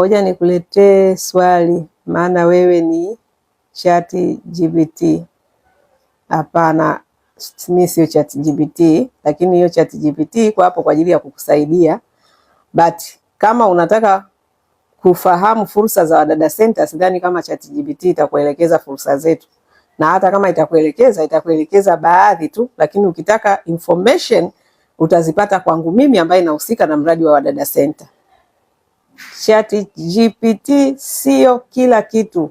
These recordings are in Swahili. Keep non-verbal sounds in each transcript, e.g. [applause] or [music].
Ngoja nikuletee swali, maana wewe ni chat GPT. Hapana, mimi sio chat GPT, lakini hiyo chat GPT iko hapo kwa ajili ya kukusaidia, but kama unataka kufahamu fursa za Wadada Center, sidhani kama chat GPT itakuelekeza fursa zetu, na hata kama itakuelekeza itakuelekeza baadhi tu, lakini ukitaka information utazipata kwangu mimi ambaye nahusika na mradi wa Wadada Center. GPT sio kila kitu,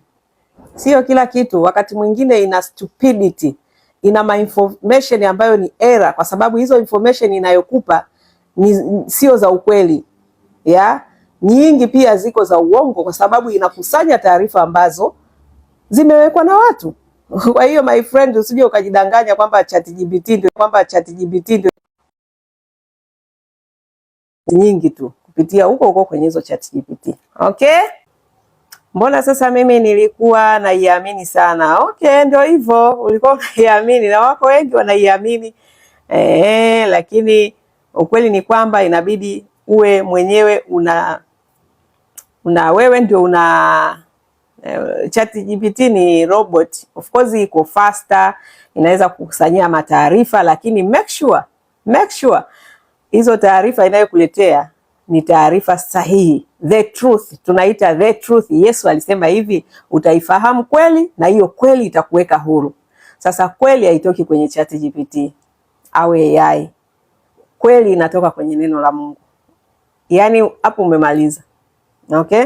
sio kila kitu. Wakati mwingine ina stupidity, ina information ambayo ni error, kwa sababu hizo information inayokupa ni sio za ukweli ya nyingi, pia ziko za uongo, kwa sababu inakusanya taarifa ambazo zimewekwa na watu. [laughs] Kwa hiyo my friend, usije ukajidanganya kwamba ChatGPT ndio kwamba ChatGPT ndio nyingi tu kupitia huko huko kwenye hizo GPT. Okay? Mbona sasa mimi nilikuwa naiamini sana. Okay, ndio hivyo, ulikuwa unaiamini na wako wengi wanaiamini. Eh, lakini ukweli ni kwamba inabidi uwe mwenyewe una una wewe ndio una uh, eh, GPT ni robot. Of course iko faster, inaweza kukusanyia mataarifa, lakini make sure, make sure hizo taarifa inayokuletea ni taarifa sahihi, the truth, tunaita the truth. Yesu alisema hivi, utaifahamu kweli na hiyo kweli itakuweka huru. Sasa kweli haitoki kwenye GPT au AI, kweli inatoka kwenye neno la Mungu. Yaani hapo umemaliza, okay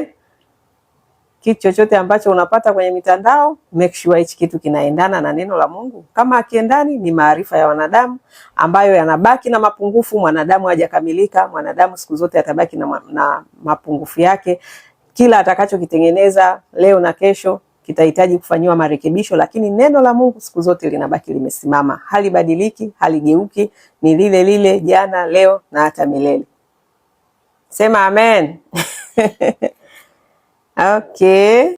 kitu chochote ambacho unapata kwenye mitandao, make sure hichi kitu kinaendana na neno la Mungu. Kama akiendani, ni maarifa ya wanadamu ambayo yanabaki na mapungufu. Mwanadamu hajakamilika, mwanadamu siku zote atabaki na, ma na mapungufu yake. Kila atakachokitengeneza leo na kesho kitahitaji kufanyiwa marekebisho, lakini neno la Mungu siku zote linabaki limesimama, halibadiliki, haligeuki, ni lile lile jana, leo na hata milele. Sema amen. [laughs] Ok.